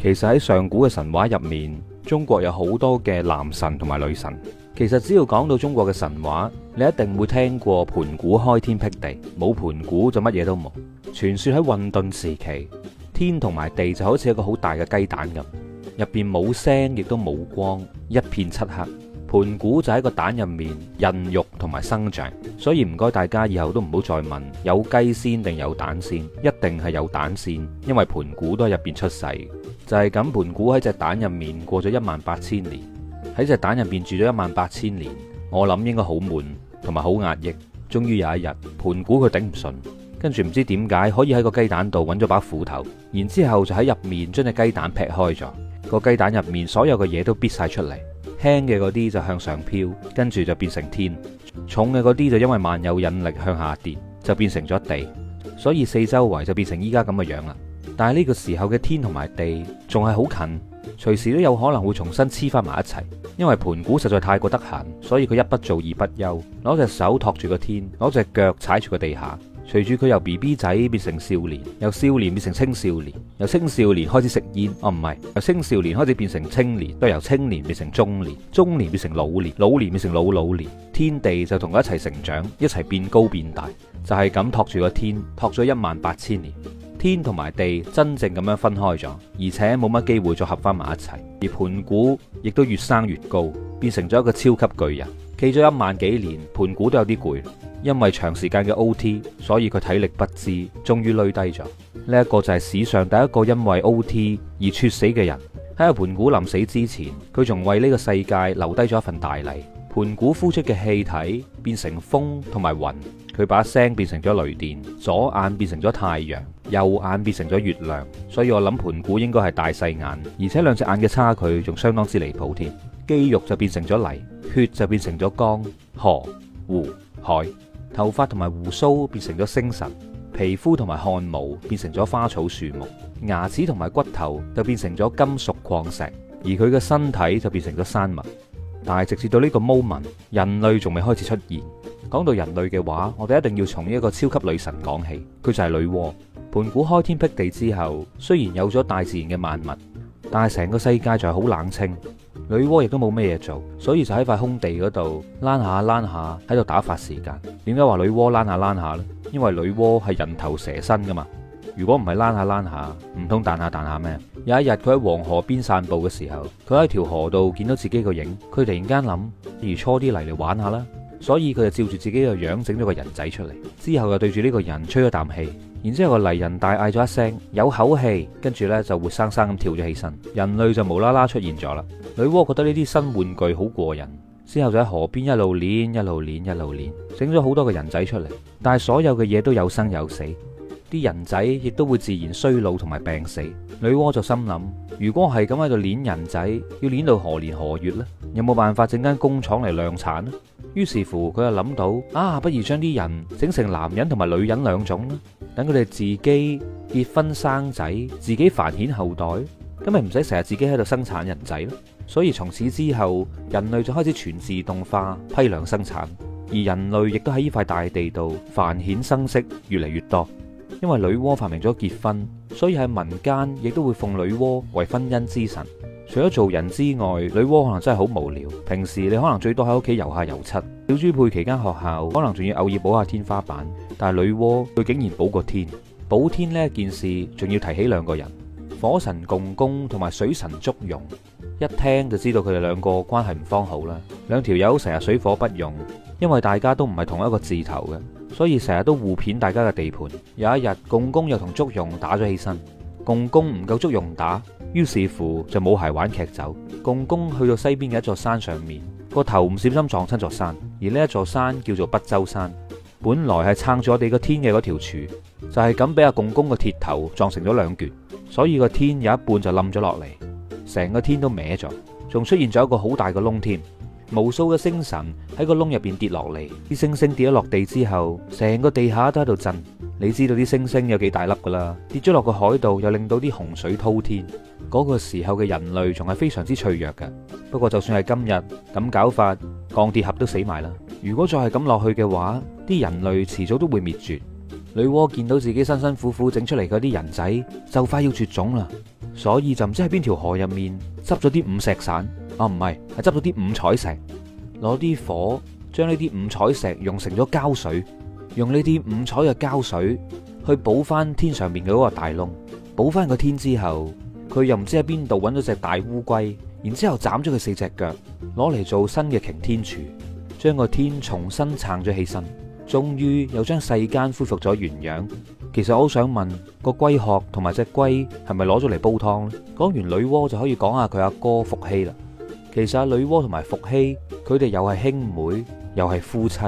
其實喺上古嘅神話入面，中國有好多嘅男神同埋女神。其實只要講到中國嘅神話，你一定會聽過盤古開天辟地，冇盤古就乜嘢都冇。傳說喺混沌時期，天同埋地就好似一個好大嘅雞蛋咁，入邊冇聲亦都冇光，一片漆黑。盤古就喺個蛋入面孕育同埋生長，所以唔該大家以後都唔好再問有雞先定有蛋先，一定係有蛋先，因為盤古都係入邊出世。就係咁，盤古喺隻蛋入面過咗一萬八千年，喺隻蛋入面住咗一萬八千年，我諗應該好悶同埋好壓抑。終於有一日，盤古佢頂唔順，跟住唔知點解可以喺個雞蛋度揾咗把斧頭，然之後就喺入面將隻雞蛋劈開咗，個雞蛋入面所有嘅嘢都咇晒出嚟。輕嘅嗰啲就向上飄，跟住就變成天；重嘅嗰啲就因為萬有引力向下跌，就變成咗地。所以四周圍就變成依家咁嘅樣啦。但係呢個時候嘅天同埋地仲係好近，隨時都有可能會重新黐翻埋一齊。因為盤古實在太過得閒，所以佢一不做二不休，攞隻手托住個天，攞隻腳踩住個地下。隨住佢由 B B 仔變成少年，由少年變成青少年，由青少年開始食煙，哦唔係，由青少年開始變成青年，都由青年變成中年，中年變成老年，老年變成老老年，天地就同佢一齊成長，一齊變高變大，就係咁托住個天，托咗一萬八千年，天同埋地真正咁樣分開咗，而且冇乜機會再合翻埋一齊，而盤古亦都越生越高，變成咗一個超級巨人，企咗一萬幾年，盤古都有啲攰。因為長時間嘅 OT，所以佢體力不支，終於累低咗。呢一個就係史上第一個因為 OT 而猝死嘅人。喺盤古臨死之前，佢仲為呢個世界留低咗一份大禮。盤古呼出嘅氣體變成風同埋雲，佢把聲變成咗雷電，左眼變成咗太陽，右眼變成咗月亮。所以我諗盤古應該係大細眼，而且兩隻眼嘅差距仲相當之離譜添。肌肉就變成咗泥，血就變成咗江、河、湖、海。頭髮同埋鬍鬚變成咗星辰，皮膚同埋汗毛變成咗花草樹木，牙齒同埋骨頭就變成咗金屬礦石，而佢嘅身體就變成咗山脈。但係直至到呢個 moment，人類仲未開始出現。講到人類嘅話，我哋一定要從一個超級女神講起，佢就係女媧。盤古開天闢地之後，雖然有咗大自然嘅萬物，但係成個世界就係好冷清。女媧亦都冇咩嘢做，所以就喺塊空地嗰度躝下躝下，喺度打發時間。點解話女媧躝下躝下呢？因為女媧係人頭蛇身噶嘛。如果唔係躝下躝下，唔通彈下彈下咩？有一日佢喺黃河邊散步嘅時候，佢喺條河度見到自己個影，佢突然間諗，不如搓啲泥嚟玩下啦。所以佢就照住自己個樣整咗個人仔出嚟，之後又對住呢個人吹咗啖氣。然之後個泥人大嗌咗一聲，有口氣，跟住呢就活生生咁跳咗起身，人類就無啦啦出現咗啦。女媧覺得呢啲新玩具好過癮，之後就喺河邊一路捻，一路捻，一路捻，整咗好多個人仔出嚟。但係所有嘅嘢都有生有死，啲人仔亦都會自然衰老同埋病死。女媧就心諗，如果係咁喺度捻人仔，要捻到何年何月呢？有冇辦法整間工廠嚟量產呢？於是乎就，佢又諗到啊，不如將啲人整成男人同埋女人兩種，等佢哋自己結婚生仔，自己繁衍後代，咁咪唔使成日自己喺度生產人仔咯。所以從此之後，人類就開始全自動化批量生產，而人類亦都喺呢塊大地度繁衍生息，越嚟越多。因為女媧發明咗結婚，所以喺民間亦都會奉女媧為婚姻之神。除咗做人之外，女媧可能真係好無聊。平時你可能最多喺屋企游下游七。小豬佩奇間學校可能仲要偶爾補下天花板，但係女媧佢竟然補個天。補天呢件事，仲要提起兩個人：火神共工同埋水神祝融。一聽就知道佢哋兩個關係唔方好啦。兩條友成日水火不容，因為大家都唔係同一個字頭嘅，所以成日都互騙大家嘅地盤。有一日，共工又同祝融打咗起身。共工唔夠足用打，於是乎就冇鞋玩劇走。共工去到西邊嘅一座山上面，個頭唔小心撞親座山，而呢一座山叫做不周山。本來係撐咗我哋個天嘅嗰條柱，就係咁俾阿共工個鐵頭撞成咗兩橛，所以個天有一半就冧咗落嚟，成個天都歪咗，仲出現咗一個好大嘅窿添。無數嘅星辰喺個窿入邊跌落嚟，啲星星跌咗落地之後，成個地下都喺度震。你知道啲星星有幾大粒噶啦？跌咗落個海度，又令到啲洪水滔天。嗰個時候嘅人類仲係非常之脆弱嘅。不過就算係今日咁搞法，鋼鐵俠都死埋啦。如果再係咁落去嘅話，啲人類遲早都會滅絕。女媧見到自己辛辛苦苦整出嚟嗰啲人仔就快要絕種啦，所以就唔知喺邊條河入面執咗啲五石散，啊唔係係執咗啲五彩石，攞啲火將呢啲五彩石融成咗膠水。用呢啲五彩嘅膠水去補翻天上面嘅嗰個大窿，補翻個天之後，佢又唔知喺邊度揾咗隻大烏龜，然之後斬咗佢四隻腳，攞嚟做新嘅擎天柱，將個天重新撐咗起身，終於又將世間恢復咗原樣。其實我好想問個龜殼同埋隻龜係咪攞咗嚟煲湯呢？講完女媧就可以講下佢阿哥伏羲啦。其實阿女媧同埋伏羲佢哋又係兄妹，又係夫妻。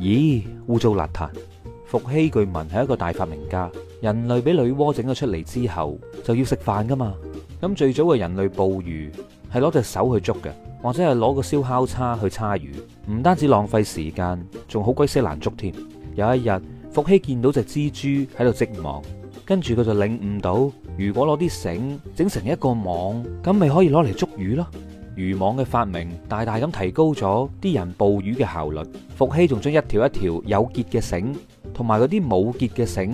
咦，污糟邋遢！伏羲據聞係一個大發明家，人類俾女媧整咗出嚟之後，就要食飯噶嘛。咁最早嘅人類捕魚係攞隻手去捉嘅，或者係攞個燒烤叉去叉魚，唔單止浪費時間，仲好鬼死難捉添。有一日，伏羲見到隻蜘蛛喺度織網，跟住佢就領悟到，如果攞啲繩整成一個網，咁咪可以攞嚟捉魚咯。漁網嘅發明大大咁提高咗啲人捕魚嘅效率。伏羲仲將一條一條有結嘅繩同埋嗰啲冇結嘅繩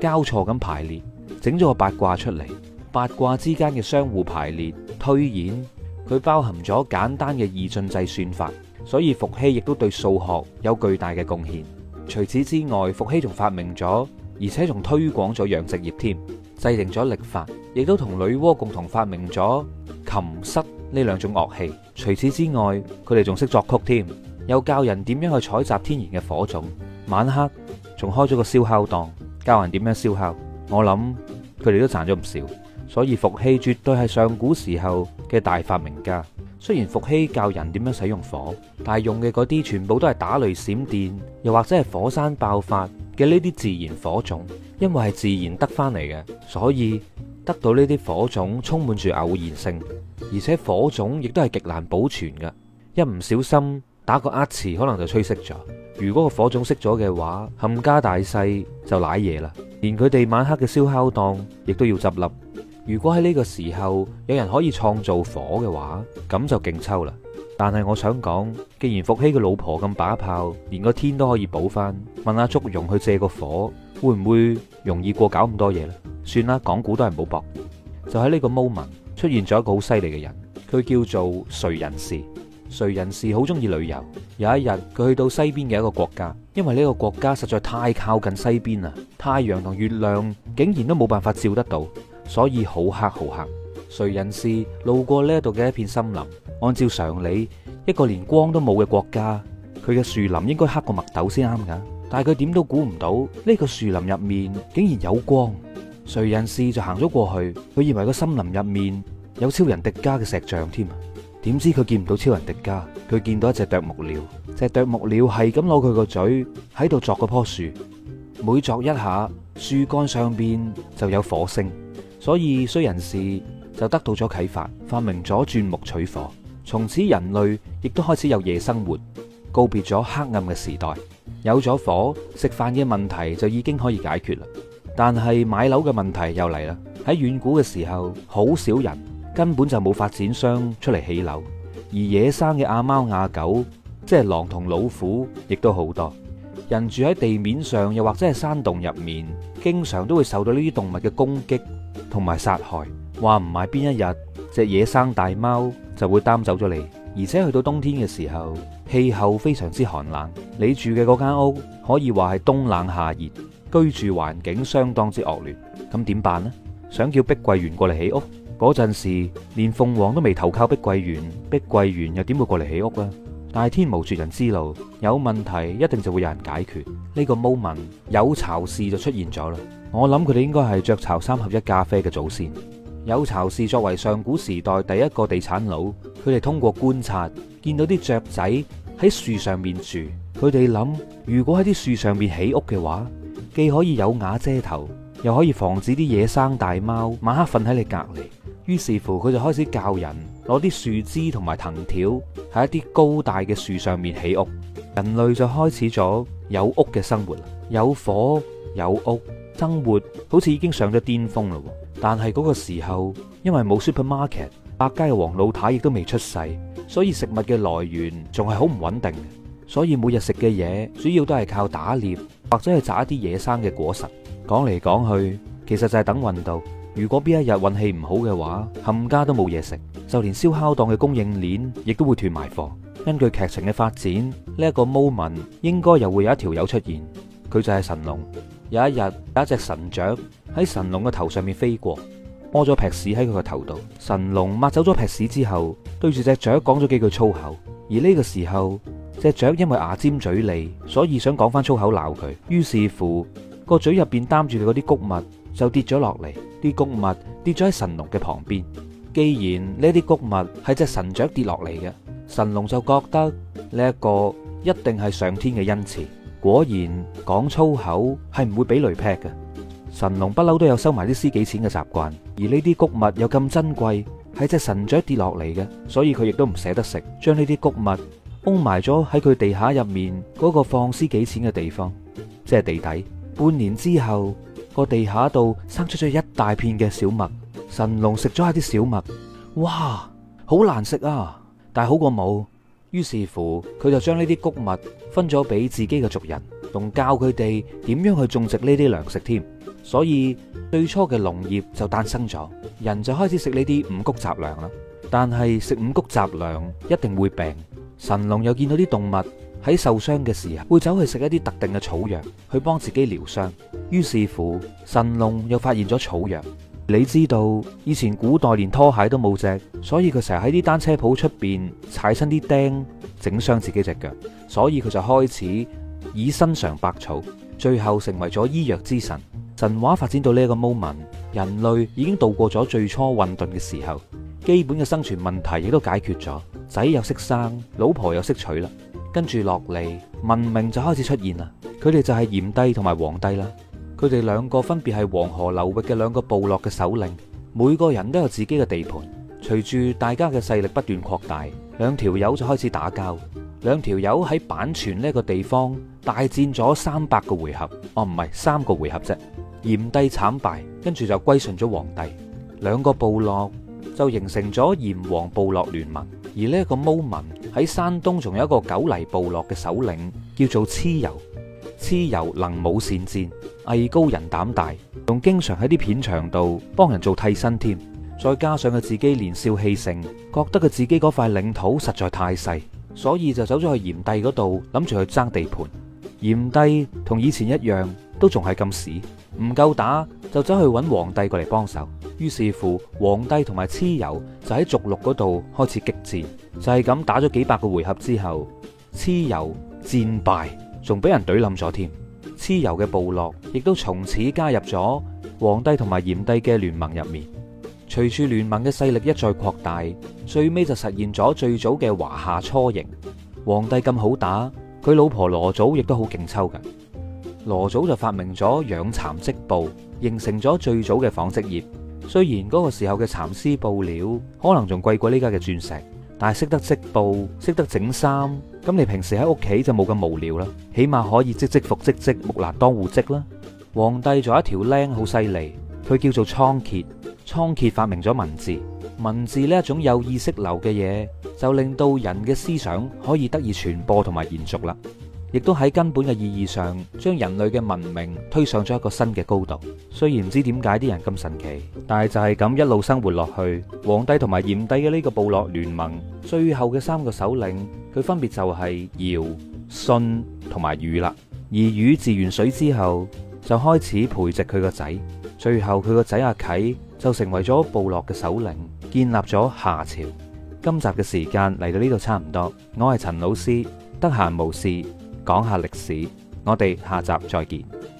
交錯咁排列，整咗個八卦出嚟。八卦之間嘅相互排列推演，佢包含咗簡單嘅二進制算法，所以伏羲亦都對數學有巨大嘅貢獻。除此之外，伏羲仲發明咗，而且仲推廣咗養殖業添，制定咗曆法，亦都同女媧共同發明咗琴瑟。呢兩種樂器，除此之外，佢哋仲識作曲添，又教人點樣去採集天然嘅火種。晚黑仲開咗個燒烤檔，教人點樣燒烤。我諗佢哋都賺咗唔少，所以伏羲絕對係上古時候嘅大發明家。雖然伏羲教人點樣使用火，但係用嘅嗰啲全部都係打雷閃電，又或者係火山爆發嘅呢啲自然火種，因為係自然得翻嚟嘅，所以。得到呢啲火種充滿住偶然性，而且火種亦都係極難保存㗎，一唔小心打個呃詞可能就吹熄咗。如果個火種熄咗嘅話，冚家大細就瀨嘢啦，連佢哋晚黑嘅燒烤檔亦都要執笠。如果喺呢個時候有人可以創造火嘅話，咁就勁抽啦。但係我想講，既然伏羲嘅老婆咁把炮，連個天都可以補翻，問阿祝融去借個火。會唔會容易過搞咁多嘢咧？算啦，港股都係冇搏。就喺呢個 moment 出現咗一個好犀利嘅人，佢叫做燧人氏。燧人氏好中意旅遊。有一日佢去到西邊嘅一個國家，因為呢個國家實在太靠近西邊啦，太陽同月亮竟然都冇辦法照得到，所以好黑好黑。燧人氏路過呢一度嘅一片森林，按照常理，一個連光都冇嘅國家，佢嘅樹林應該黑過墨斗先啱噶。但係佢點都估唔到呢個樹林入面竟然有光，燧人氏就行咗過去，佢認為個森林入面有超人迪迦嘅石像添啊。點知佢見唔到超人迪迦，佢見到一隻啄木鳥，隻啄木鳥係咁攞佢個嘴喺度鑿嗰棵樹，每鑿一下樹幹上邊就有火星，所以燧人氏就得到咗啟發，發明咗鑽木取火。從此人類亦都開始有夜生活，告別咗黑暗嘅時代。有咗火，食飯嘅問題就已經可以解決啦。但係買樓嘅問題又嚟啦。喺遠古嘅時候，好少人根本就冇發展商出嚟起樓，而野生嘅阿貓阿狗，即係狼同老虎，亦都好多。人住喺地面上，又或者係山洞入面，經常都會受到呢啲動物嘅攻擊同埋殺害。話唔埋邊一日，隻野生大貓就會擔走咗你。而且去到冬天嘅時候，氣候非常之寒冷，你住嘅嗰間屋可以話係冬冷夏熱，居住環境相當之惡劣。咁點辦呢？想叫碧桂園過嚟起屋嗰陣時，連鳳凰都未投靠碧桂園，碧桂園又點會過嚟起屋啦？但係天無絕人之路，有問題一定就會有人解決。呢個 moment 有巢氏就出現咗啦。我諗佢哋應該係雀巢三合一咖啡嘅祖先。有巢氏作為上古時代第一個地產佬。佢哋通過觀察見到啲雀仔喺樹上面住，佢哋諗如果喺啲樹上面起屋嘅話，既可以有瓦遮頭，又可以防止啲野生大貓晚黑瞓喺你隔籬。於是乎，佢就開始教人攞啲樹枝同埋藤條喺一啲高大嘅樹上面起屋。人類就開始咗有屋嘅生活，有火有屋，生活好似已經上咗巔峰咯。但係嗰個時候，因為冇 supermarket。百佳嘅黃老太亦都未出世，所以食物嘅來源仲係好唔穩定，所以每日食嘅嘢主要都係靠打獵，或者係摘一啲野生嘅果實。講嚟講去，其實就係等運到。如果邊一日運氣唔好嘅話，冚家都冇嘢食，就連燒烤檔嘅供應鏈亦都會斷埋貨。根據劇情嘅發展，呢一個 moment 應該又會有一條友出現，佢就係神龍。有一日有一隻神雀喺神龍嘅頭上面飛過。摸咗劈屎喺佢個頭度，神龍抹走咗劈屎之後，對住隻雀講咗幾句粗口。而呢個時候，隻雀因為牙尖嘴利，所以想講翻粗口鬧佢。於是乎，個嘴入邊擔住嘅嗰啲穀物就跌咗落嚟，啲穀物跌咗喺神龍嘅旁邊。既然呢啲穀物係隻神雀跌落嚟嘅，神龍就覺得呢一個一定係上天嘅恩賜。果然講粗口係唔會俾雷劈嘅。神龍不嬲都有收埋啲私己錢嘅習慣，而呢啲谷物又咁珍貴，係隻神雀跌落嚟嘅，所以佢亦都唔捨得食，將呢啲谷物封埋咗喺佢地下入面嗰個放私己錢嘅地方，即係地底。半年之後，個地下度生出咗一大片嘅小麥。神龍食咗下啲小麥，哇，好難食啊！但係好過冇。於是乎，佢就將呢啲谷物分咗俾自己嘅族人。仲教佢哋點樣去種植呢啲糧食添，所以最初嘅農業就誕生咗，人就開始食呢啲五穀雜糧啦。但係食五穀雜糧一定會病。神農又見到啲動物喺受傷嘅時候會走去食一啲特定嘅草藥去幫自己療傷，於是乎神農又發現咗草藥。你知道以前古代連拖鞋都冇隻，所以佢成日喺啲單車鋪出邊踩親啲釘，整傷自己隻腳，所以佢就開始。以身嘗百草，最後成為咗醫藥之神。神話發展到呢個 moment，人類已經度過咗最初混沌嘅時候，基本嘅生存問題亦都解決咗，仔又識生，老婆又識娶啦。跟住落嚟，文明就開始出現啦。佢哋就係炎帝同埋黃帝啦。佢哋兩個分別係黃河流域嘅兩個部落嘅首領，每個人都有自己嘅地盤。隨住大家嘅勢力不斷擴大，兩條友就開始打交。兩條友喺阪泉呢個地方大戰咗三百個回合，哦，唔係三個回合啫。炎帝慘敗，跟住就歸順咗黃帝。兩個部落就形成咗炎黃部落聯盟。而呢一個 moment，喺山東仲有一個九黎部落嘅首領叫做蚩尤，蚩尤能武善戰，藝高人膽大，仲經常喺啲片場度幫人做替身添。再加上佢自己年少氣盛，覺得佢自己嗰塊領土實在太細。所以就走咗去炎帝嗰度，諗住去爭地盤。炎帝同以前一樣，都仲係咁屎，唔夠打就走去搵黃帝過嚟幫手。於是乎，黃帝同埋蚩尤就喺涿鹿嗰度開始激戰，就係咁打咗幾百個回合之後，蚩尤戰敗，仲俾人懟冧咗添。蚩尤嘅部落亦都從此加入咗黃帝同埋炎帝嘅聯盟入面。隨住聯盟嘅勢力一再擴大。最尾就實現咗最早嘅華夏雛形。皇帝咁好打，佢老婆羅祖亦都好勁抽噶。羅祖就發明咗養蠶織織布，形成咗最早嘅紡織業。雖然嗰個時候嘅蠶絲布料可能仲貴過呢家嘅鑽石，但係識得織布、識得整衫，咁你平時喺屋企就冇咁無聊啦。起碼可以織織服、織織木蘭當戶織啦。皇帝仲有一條僆好犀利，佢叫做倉頡，倉頡發明咗文字。文字呢一種有意識流嘅嘢，就令到人嘅思想可以得以傳播同埋延續啦。亦都喺根本嘅意義上，將人類嘅文明推上咗一個新嘅高度。雖然唔知點解啲人咁神奇，但係就係咁一路生活落去。黃帝同埋炎帝嘅呢個部落聯盟，最後嘅三個首領，佢分別就係堯、舜同埋禹啦。而禹治完水之後，就開始培植佢個仔。最後佢個仔阿啟就成為咗部落嘅首領。建立咗夏朝。今集嘅時間嚟到呢度差唔多，我係陳老師，得閒無事講下歷史，我哋下集再見。